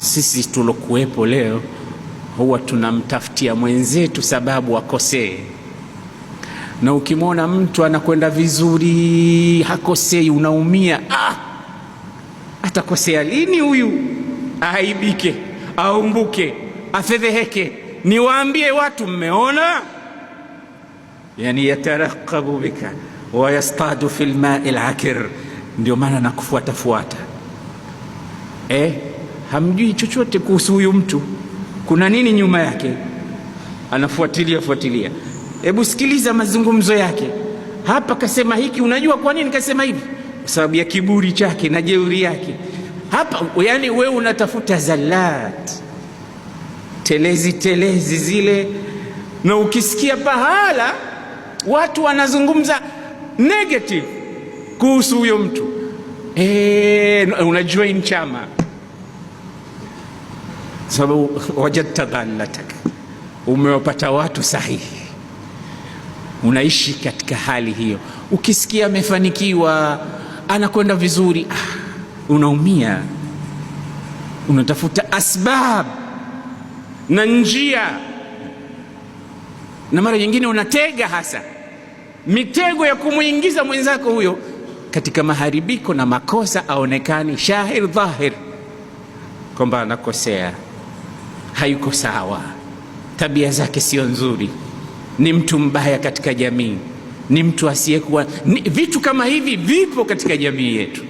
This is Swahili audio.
Sisi tulokuwepo leo huwa tunamtafutia mwenzetu sababu akosee, na ukimwona mtu anakwenda vizuri hakosei, unaumia ah, atakosea lini huyu? Aibike, aumbuke, afedheheke, niwaambie watu mmeona, yani yatarakabu bika wayastadu fi lmai lakir. Ndio maana nakufuatafuata eh? hamjui chochote kuhusu huyu mtu, kuna nini nyuma yake, anafuatilia fuatilia. Hebu sikiliza mazungumzo yake, hapa kasema hiki, unajua kwa nini kasema hivi? Kwa sababu ya kiburi chake na jeuri yake. Hapa yani wewe unatafuta zalat telezi telezi zile, na ukisikia pahala watu wanazungumza negative kuhusu huyo mtu e, eh, unajoin chama sababu wajadta dhalatak, umewapata watu sahihi, unaishi katika hali hiyo. Ukisikia amefanikiwa anakwenda vizuri, ah, unaumia, unatafuta asbab na njia, na mara nyingine unatega hasa mitego ya kumwingiza mwenzako huyo katika maharibiko na makosa, aonekani shahir dhahir kwamba anakosea hayuko sawa, tabia zake sio nzuri, ni mtu mbaya katika jamii, ni mtu asiyekuwa. Vitu kama hivi vipo katika jamii yetu.